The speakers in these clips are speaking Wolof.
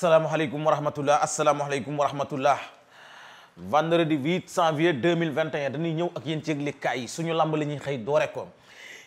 asalaamaaleykum wa rahmatullah asalaamaaleykum wa rahmatullah vendredi 8 janvier 2021 dañuy ñëw ak yéen ci yëglekaay yi suñu lamb la ñuy xëy doore ko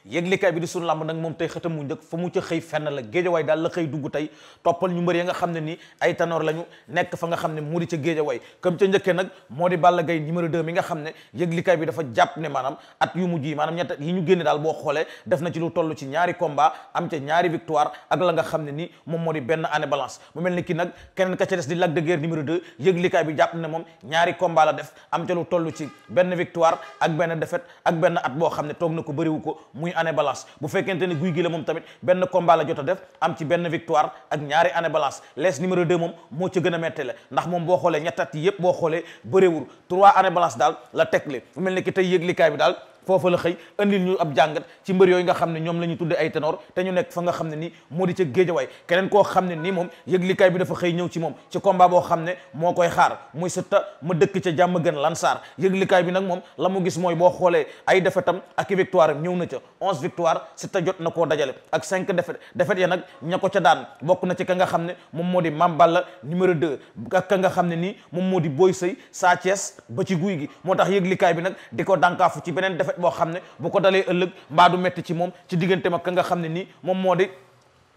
yëglikaay bi di sunu làmb nag moom tey xëtam mu njëkk fa mu ca xëy fenn la géejawaay daal la xëy dugg tey toppal ñu mbër nga xam ne ni ay tanoor lañu nekk fa nga xam ne mu di ca géejawaay comme ca njëkkee nag moo di Balla Gaye numéro 2 mi nga xam ne yëglikaay bi dafa jàpp ne maanaam at yu mujj yi maanaam ñett yi ñu génne daal boo xoolee def na ci lu toll ci ñaari combat am ca ñaari victoire ak la nga xam ne nii moom moo di benn année balance mu mel ni ki nag keneen ka ca di Lac de Guiers numéro 2 bi jàpp ne moom ñaari combat la am ca lu toll ci benn victoire ak benn défaite ak benn at boo xam ne toog na ko bëriwu ko muy année balance bu fekkente ne guy gi la moom tamit benn combat la jot a def am ci benn victoire ak ñaari année balance lees numéro 2 moom moo ci gën a mettele ndax moom boo xoolee ñettat yi yëpp boo xoolee bëréewul trois année balance daal la tegle fu mel ne ki tey kaay bi daal foofa la xëy andil ñu ab jàngat ci mbër yooyu nga xam ne ñoom la ñu tudde ay ténor te ñu nekk fa nga xam ne nii moo di ca géejawaay keneen koo xam ne nii moom yëglikaay bi dafa xëy ñëw ci moom ci combat boo xam ne moo koy xaar muy Siteu ma dëkk ca jàmm gën Lansar yëglikaay bi nag moom la mu gis mooy boo xoolee ay defetam ak victoire ñëw na ca onze victoire Siteu jot na koo dajale ak cinq défaite défaite ya ña ko ca daan bokk na ci ka nga xam ne moom moo di Mame Balla numéro deux ak ka nga xam ne nii moom moo di Boy Sey Sa Thiès ba ci guy gi moo tax yëglikaay bi nag di ko dànkaafu ci beneen défaite boo xam ne bu ko dalee ëllëg mbaa du metti ci moom ci diggante ma ka nga xam ne nii moom moo di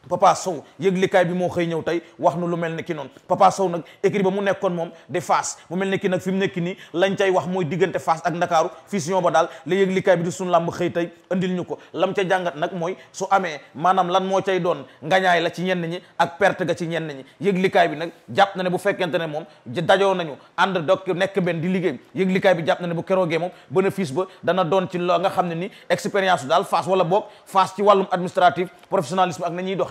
Papa Sow yëglikaay bi moo xëy ñëw tey wax nu lu mel ne ki noonu Papa Sow nag écrit ba mu nekkoon moom de Fass mu mel ne ki nag fi nekk nii lañ cay wax mooy diggante Fass ak Ndakaaru fusion ba daal la yëglikaay bi nag lan moo cay doon ngañaay la ci ñenn ñi ak perte ga ci ñenn ñi bi nag jàpp na ne bu fekkente ne moom dajoo nañu ànd dok nekk benn di liggéey yëglikaay bi jàpp na ne bu keroogee moom bénéfice ba dana doon ci loo nga xam ne ni expérience daal Fass wala boog Fass ci wàllum administratif professionnalisme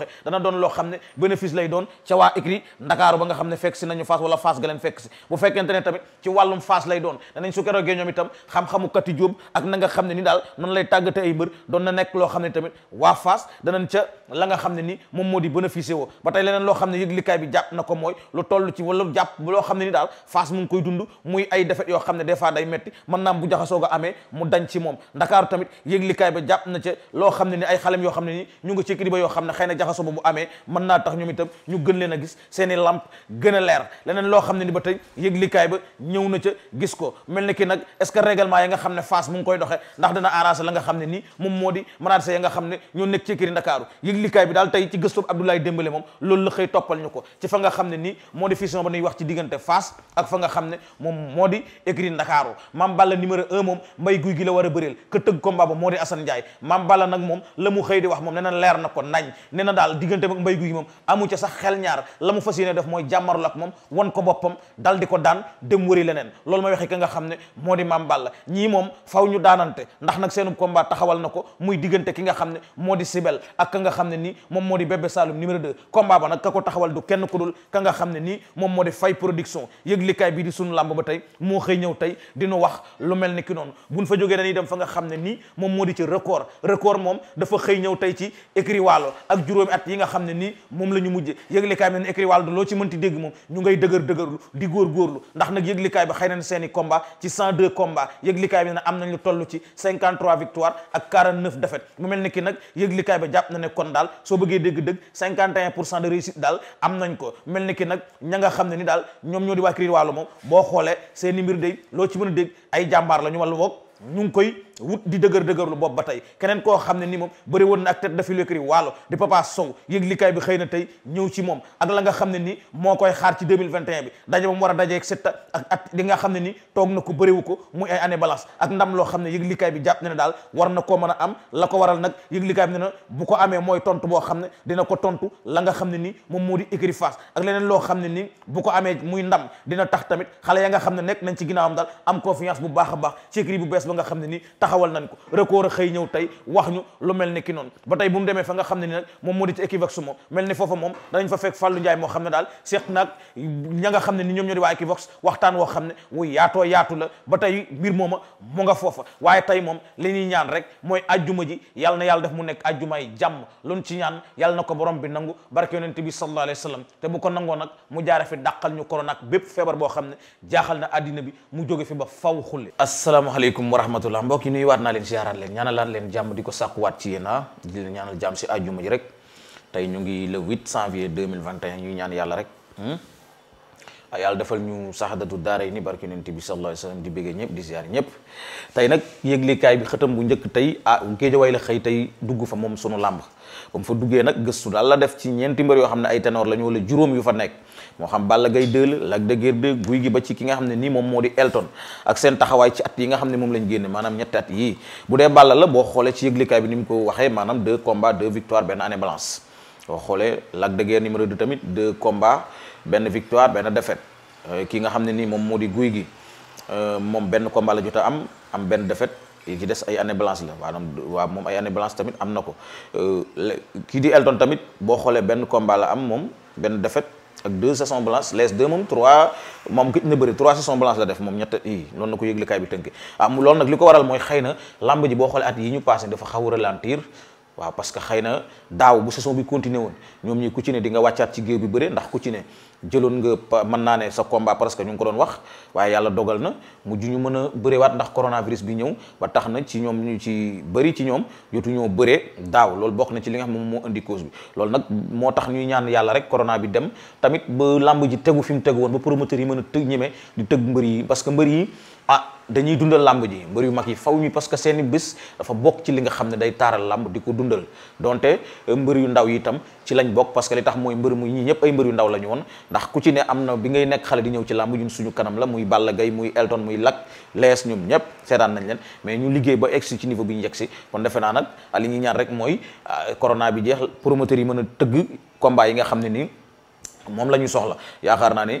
waxee dana doon loo xam ne bénéfice lay doon ca waa écrit ndakaaru ba nga xam ne fekk si nañu faas wala faas ga leen fekk si bu fekkente ne tamit ci wàllum faas lay doon danañ su keroogee ñoom itam xam-xamu kati ak na nga xam ne ni daal loo xam ne tamit waa faas danañ ca la nga xam ne ni moom loo xam ne yëglikaay bi jàpp na ko mooy lu toll ci wala jàpp loo xam ne ni daal faas mu ngi koy dund muy ay defet yoo xam ne des day metti mën naam bu jaxasoo ga amee mu dañ ci moom ndakaaru tamit yëglikaay ba jàpp na ca loo xam ne ni ay xalem yoo xam ne ni ñu ngi ci écrit ba yoo xam na consommation boobu amee mën naa tax ñoom itam ñu gën leen a gis seen i lamp gën a leer leneen loo xam ne ni ba tey yëglikaay ba ñëw na ca gis ko mel ni ki nag est-ce que règlement yi nga xam ne Fass mu ngi koy doxee ndax dana arrangé la nga xam ne nii moom moo di manaatse ya nga xam ne ñoo nekk ci kiri Ndakaaru yëglikaay bi daal tey ci gëstu Abdoulaye Dembélé moom loolu la xëy toppal ñu ko ci fa nga xam ne nii moo di fusion ba nuy wax ci diggante Fass ak fa nga xam ne moom moo di écurie Ndakaaru Mame Balla numéro un moom mbay guy gi la war a bëreel ka tëgg combat ba moo di Assane Ndiaye Mame Balla nag moom la mu xëy di wax moom nee na leer na ko nañ nee na daal daal diggante ak mbay guy moom amu ca sax xel ñaar la mu fas yéene def mooy jàmmarlu ak moom wan ko boppam dal di ko daan dem wëri leneen loolu may waxe ka nga xam ne moom ki nga xam ne moo di Sibel ak ka nga xam ne nii moo di Bébé Saloum numéro 2 combat ba nag ka ko taxawal du kenn ku dul ka nga xam ne nii moom moo di Fay Production yëglikaay bi di sunu làmb ba tey moo xëy ñëw tey dinu wax lu mel ni ki noonu buñ fa jógee dañuy dem fa nga xam ne nii moom moo di ci record record moom dafa xëy ñëw tey ci écrit ak juróom juróomi at yi nga xam ne nii moom la ñu mujje yëglikaay bi ne écrit wàllu loo ci mënti dégg moom ñu ngay dëgër dëgërlu di góorgóorlu ndax nag yëglikaay bi xëy na seen i combat ci 102 combat yëglikaay bi ne am nañ lu toll ci 53 victoire ak 49 défaite mu mel ni ki nag yëglikaay ba jàpp na ne kon daal soo bëggee dégg-dëgg 51 pour cent de réussite daal am nañ ko mel ni ki nag ña nga xam ne ni daal ñoom ñoo di waa écrit wàllu moom boo xoolee seen i mbir day loo ci mën a dégg ay jàmbaar la ñu wàllu boog wut di dëgër dëgër lu bopp ba tey keneen koo xam ne ni moom bëri woon na ak tête dafi lékkri waalo di Papa Sow yëg bi xëy na tey ñëw ci moom ak la nga xam ne nii moo koy xaar ci 2021 bi daje ba mu war a dajeeg Siteu nga xam ne ni toog na ko bëriwu ko muy ay année balance ak ndam loo xam ne yëg likaay bi jàpp ne ne daal war na koo mën am la ko waral nag yëg likaay bi ne na ko amee mooy tontu boo xam ne dina ko tontu la nga xam ne ni moom moo di écurie Fass ak leneen loo xam ne ni bu ko amee muy ndam dina tax tamit xale ya nga xam ne nekk nañ ci ginnaawam daal am confiance bu baax baax ci écurie bu bees ba nga xam ne ni taxawal nañ ko record xëy ñëw tey wax ñu lu mel ni ki noonu ba tey bu mu demee fa nga xam ne ni nag moom moo di ci Equivox moom mel ni foofa moom danañ fa fekk Fallou Ndiaye moo xam ne daal seq naag ña nga xam ne ni ñoom ñoo di waa Equivox waxtaan woo xam ne wu yaatoo yaatu la ba tey mbir mooma mu nga foofa waaye tey moom li ñuy ñaan rek mooy ajjuma ji yal na yàlla def mu nekk ajjumaay jàmm luñ ci ñaan yàlla na ko borom bi nangu barke yonente bi sallallahu alayhi wa sallam te bu ko nangoo nag mu jaare fi dàqal ñu corona ak bépp feebar boo xam ne jaaxal na àddina bi mu jóge fi ba faw xulle asalaamaaleykum wa rahmatullah mbokk nuyuwaat naa leen siyaaraat leen ñaanalaat leen jàmm di ko sàkkuwaat ci yéen ah di leen ñaanal jàmm si àjjuma ji rek tey ñu ngi le 8 janvier 2021 ñuy ñaan yàlla rek hmm? ah, a defal ñu saxadatu daara yi ni barke yonent bi sallallahu alayhi wasallam di béggee ñëpp di ziar ñëpp tey nag yëglikaay bi xëtam bu njëkk tey ah géejawaay la xëy tey dugg fa moom sunu làmb kom mu fa duggee nag gëstu daal la def ci ñeenti mbër yoo xam ne ay ténor la ñu wala juróom yu fa nekk moo xam Balla gay 2 la de guy gi ba ci ki nga xam ne nii moom moo di Elton ak seen taxawaay ci at yi nga xam ne moom lañ génne maanaam ñetti at yii bu dee Balla la boo xoolee ci yëglikaay bi ni mu ko waxee maanaam deux combats deux victoires benn année balance boo xoolee Lac de Guiers numéro tamit deux combats benn victoire benn défaite euh, ki nga xam ne nii moom moo di guy gi euh, moom benn combat la jot am am benn défaite yi ci des ay année blanche la maanaam waaw moom ay année blanche tamit am na ko euh, kii di Elton tamit boo xoolee benn combat la am moom benn défaite ak deux saisons blanches les deux moom trois moom gëj na bëri trois saisons blanches la def moom ñett i loolu na ko yëglikaay bi tënke ah loolu nag li ko waral mooy xëy na boo xoolee at yi ñu passé dafa xaw a ralentir waaw parce que na daaw bu saison bi continuer woon ñoom ñi ku ci ne di nga wàccaat ci géew bi bëre ndax ku jëloon nga mën naa ne sa combat parce que ñu ngi ko doon wax waaye yàlla dogal na mujj ñu mën a bërewaat ndax coronavirus bi ñëw ba tax na ci ñoom ñu ci bëri ci ñoom jotuñoo bëre daaw loolu bokk na ci li nga xam moom moo indi loolu nag moo tax ñuy ñaan yàlla rek corona bi dem tamit ba làmb ji tegu fi mu tegu woon ba promoteur yi mën a tëg ñeme di tëg mbër yi parce que mbër yi ah dañuy dundal làmb ji mbër yu mag yi faw ñu parce que seeni bés dafa bokk ci li nga xam ne day taaral làmb di ko dundal donte mbër yu ndaw yi itam ci lañ bokk parce que li tax mooy mbër mu ñii ñëpp ay mbër yu ndaw la ñu woon ndax ku ci ne am na bi ngay nekk xale di ñëw ci làmb ñun suñu kanam la muy Balla gay muy Elton muy Lac lees ñoom ñëpp seetaan nañ leen mais ñu liggéey ba egsi ci niveau bi ñu yegsi kon defe naa nag li ñuy ñaan rek mooy ah, corona bi jeex promoteurs yi mën a tëgg combat yi nga xam ne nii moom la ñu soxla yaakaar naa ne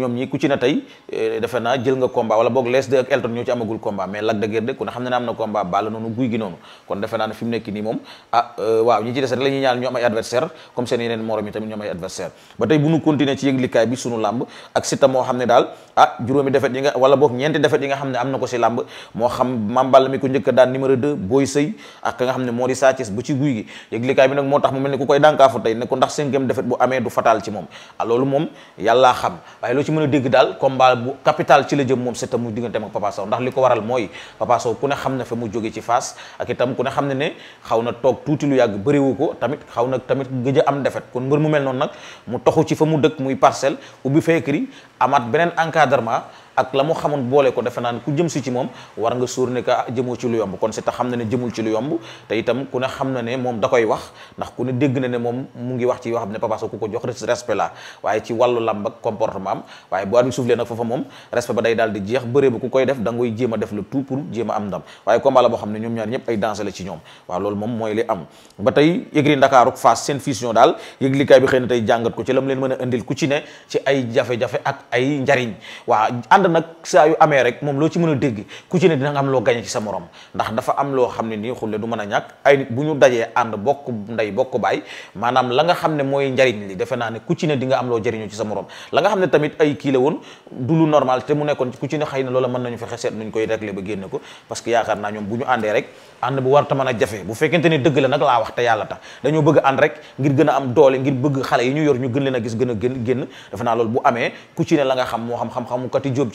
ñoom ñi ku ci na tey eh, defe naa jël nga combat wala boog Lac 2 ak Elton ñoo ci amagul combat mais Lac de Guiers 2 ku xam ne na am na naa ne fi mu nekk nii moom ah euh, waaw ñi ci des rek la ñuy ñaan ñu am ay adversaire comme seen yeneen morom yi tamit ñu am ay adversaire ba tey bu ñu continuer ci yëglikaay bi sunu làmb ak Siteu moo xam ne daal ah juróomi defet yi nga wala boog nga xam ne am na ko si làmb moo xam Mame Balla mi ko njëkk daan numéro 2 Boy Sey ak ka nga xam ne moo di Sa Thiès bu ci guy gi yëglikaay bi nag moo tax mu mel ni ku koy dànkaafu tey ne ko ndax cinquième defet bu amee du fatal ci moom ah loolu moom yàllaa xam waaye loo ci mën a dégg daal combat bu capital ci la jëm moom Siteu muy digganteem ak Papa Sow ndax li ko waral mooy Papa Sow ku ne xam na fa mu jóge ci Fass ak itam ku ne xam ne ne xaw na toog tuuti lu yàgg bëriwu ko tamit xaw nag tamit gëj a am defet kon mbër mu mel noonu nag mu taxu ci fa mu dëkk muy parcelle ubbi feekri amaat beneen encadrement ak la mu xamoon boole ko defe naan ku jëm si ci moom war nga suur ne ka jëmoo ci lu yomb kon c'est tax xam na ne jëmul ci lu yomb te itam ku ne xam na ne moom da koy wax ndax ku ne dégg na ne moom mu ngi wax ci yoo xam ne Papa Sow ku ko jox daal di jeex bëree ba ku koy def da ngay jéem a def le tout pour jéem a am ndam waaye combat la boo xam ne ñoom ñaar ñëpp ay danger la mooy li am ba tey yëgri Ndakaaru Fass seen fusion daal yëglikaay bi xëy na tey jàngat ko ci la mu leen mën indil ku ci ne ci ay jafe-jafe ak ay njariñ waaw ànd nag saa yu amee rek moom loo ci mën a dégg ku ci ne dina nga am loo gañe ci sa morom ndax dafa am loo xam ne nii xulle du mën a ñàkk ay bu ñu dajee ànd bokk ndey bokk baay maanaam la nga xam ne mooy njariñ li defe naa a jafe bu fekkente ne dëgg loolu bu amee ku ci ne la nga xam moo xam xam-xamu jóob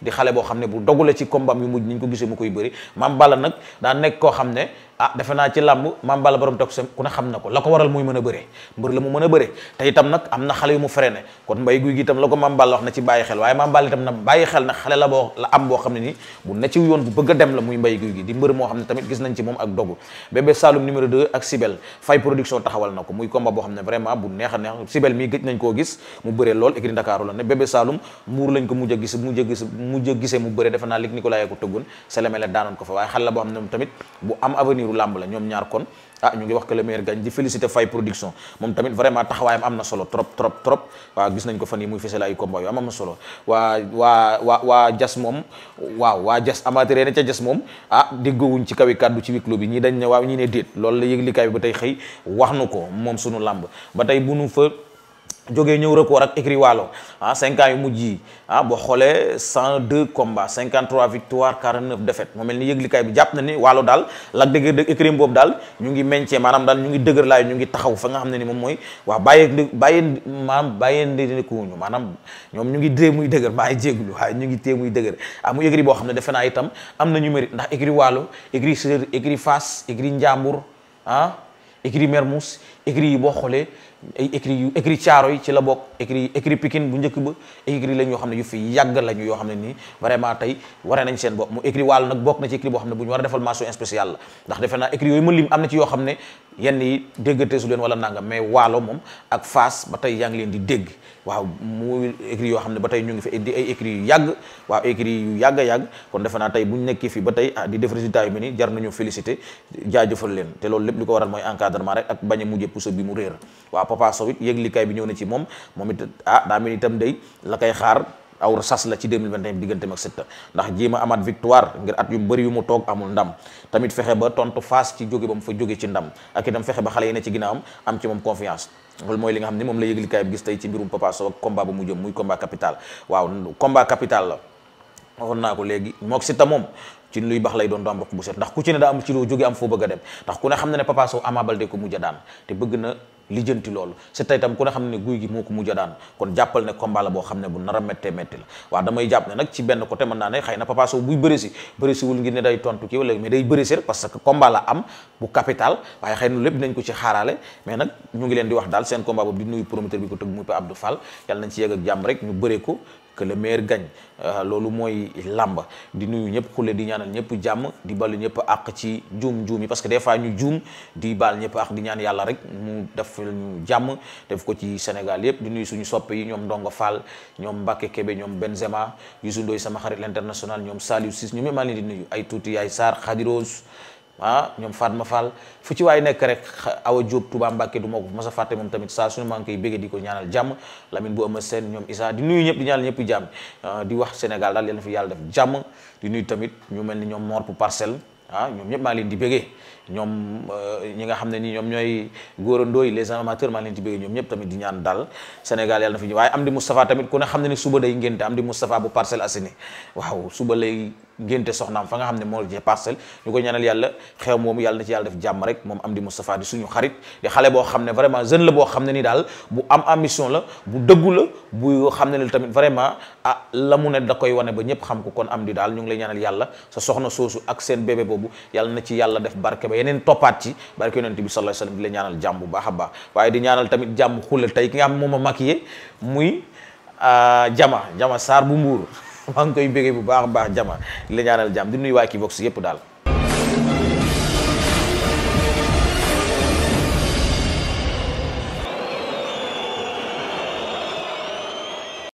di xale boo xam ne bu dogu la ci combat yu mujj ni ñu ko gisee mu koy bëri Mame Balla nag daa nekk koo xam ne ah defe naa ci làmb maam Balla na ko la te am la ko maam Balla wax a dem la muy mbay ak na muy combat boo a neex a gis mujj a gis mujj a gisee mu bëree defe naa lig Nicolas ko tëggoon selemele daanoon ko fa waaye xale la boo xam ne tamit bu am avenir avenir u làmb la ñoom ñaar kon a ah ñu ngi wax que le meilleur gagne di féliciter Faye production moom tamit vraiment am na solo trop trop trop waaw gis nañ ko fan yi muy fësal ay combat yu am am solo waa waa waa jas moom waaw waa jas amateur na ca jas moom ah déggoowuñ ci kawi kàddu ci wiklo bi ñii dañ ne waaw ñii ne déet loolu la yëg likaay bi ba tey xëy wax nu ko moom sunu làmb ba tey bu nu fa jógee ñëw record ak écrit waalo ah cinq ans yu mujj yi ah boo xoolee cent deux combats cinquante trois victoires quarante neuf défaites moo mel ni yëglikaay bi jàpp na ni waalo daal lak dëgg dëgg écrit boobu daal ñu ngi meñcee maanaam daal ñu ngi dëgër laay ñu ngi taxaw fa nga xam ne ni moom mooy waa bàyyee bàyyee maanaam bàyyee ñu maanaam ñoom ñu ngi dee muy dëgër maa ngi jéeglu waaye ñu ngi tée muy dëgër ah mu écrit boo xam ne defe itam am na ñu mérite ndax écrit waalo écrit séeréer écrit Fass écrit Njambur ah écrit Mermoz écrit yi boo xoolee ay écrit yu écrit caaro yi ci la bokk écrit écrit Pikine bu njëkk ba écrit lañ yoo xam ne yu fi yàgg lañu yoo xam ne nii vraiment tey waree nañ seen bopp mu écrit wàll nag bokk na ci écrit boo xam ne bu ñu war a defal mention spéciale la ndax defe naa yoo xam ne yenn yi déggante leen wala nangam mais waalo moom ak tey yaa ngi leen di dégg waaw mu écrit yoo xam ne ba tey ñu ngi fi di ay écrit yu yàgg waaw écrit yu yàgg kon defe naa bu ñu nekkee fii ba tey ah di def résultat yu nii jar nañu féliciter jaajëfal leen te loolu lépp li ko waral mooy encadrement rek ak bañ mu mujj puso bi mu réer waaw Papa Sow it yëglikaay bi ñëw na ci moom moom it ah daa itam day la koy xaar awr sas la ci 2021 digganteem ak Siteu ndax jéema amaat victoire ngir at yu bëri yu mu toog amul ndam tamit fexe ba tontu Fass ci jóge ba mu fa jóge ci ndam ak itam fexe ba xale yi ne ci ginnaawam am ci moom confiance loolu mooy li nga xam ne moom la yëglikaay bi gis tey ci mbirum Papa Sow ak combat bu mu jëm muy combat capital waaw combat capital la waxoon ci luy baax lay doon do roq bu set ndax ku ci ne daa am ci loo jóge am foo bëgg a dem ndax ku ne xam na ne Papa Sow Ama ko mujj a daan te bëgg na lijjanti loolu c'est tey tam ku ne xam ne guy gi moo ko mujj a daan kon jàppal ne combat la boo xam ne bu nar a méttee métti la waaw damay jàpp ne nag ci benn côté mën naa ne xëy na Papa buy bëri si bëri ne day tontu kii wala mais day bëri parce que combat am bu capital waaye ko ci xaaraale mais nag ñu ngi leen di wax daal seen combat boobu di que le meilleur loolu mooy làmb di nuyu ñëpp xule di ñaanal ñëpp jàmm di balu ñëpp àq ci juum juum yi parce que des fois ñu juum di bal ñëpp àq di ñaan yàlla rek mu def ñu jàmm def ko ci Sénégal yëpp di nuyu suñu sopp yi ñoom Ndongo Fall ñoom Mbacké Kébé ñoom Benzema Youssou Ndoye sama xarit l'international ñoom Saliou Ciss ñu ma leen di nuyu ay tuuti yaay Sarr Khadiros ah ñoom Fatma Fall fu ci waay nekk rek Awa Diop Touba Mbacké du ma ko mos a fàtte moom tamit saa suñu maa ngi koy bégge di ko ñaanal jàmm Lamine bu ama seen ñoom Issa di nuyu ñëpp di ñaanal ñëpp jàmm ah, yàlla na jàmm di tamit ñu mel ni ñoom Mor pour parcelle ah ñoom ñëpp maa leen di béggee ñoom euh, ñi nga xam ne nii ñoom ñooy góorandoo yi les amateurs maa leen di béggee ñoom ñëpp tamit di ñaan daal Sénégal yàlla na fi waaye Amdi Moustapha tamit ku ne xam ne ni suba day ngénte Amdi Moustapha bu Parcelles Assainies waaw suba lay ngénte soxnaam fa nga xam ne moo ci parcelle ñu ko ñaanal yàlla xew moom yàlla na ci yàlla def jàmm rek moom am di Moustapha di suñu xarit di xale boo xam ne vraiment jeune la boo xam ne ni daal bu am ambition la bu dëggu la bu xam ne tamit vraiment ah la mu ne da koy wane ba ñëpp xam ko kon am di daal ñu ngi lay ñaanal yàlla sa soxna soosu ak seen bébé boobu yàlla na ci yàlla def barke ba yeneen toppaat ci barke yonent bi sallallahu alayhi wasallam di la ñaanal jàmm bu a baax waaye di ñaanal tamit jàmm xulal tey ki nga xam ne moom a maquillé muy ah, jama jama saar bu mbuur maa ngi koy bégee bu baax a baax jama li ñaanal jàmm di nuyu waa Equivox yëpp daal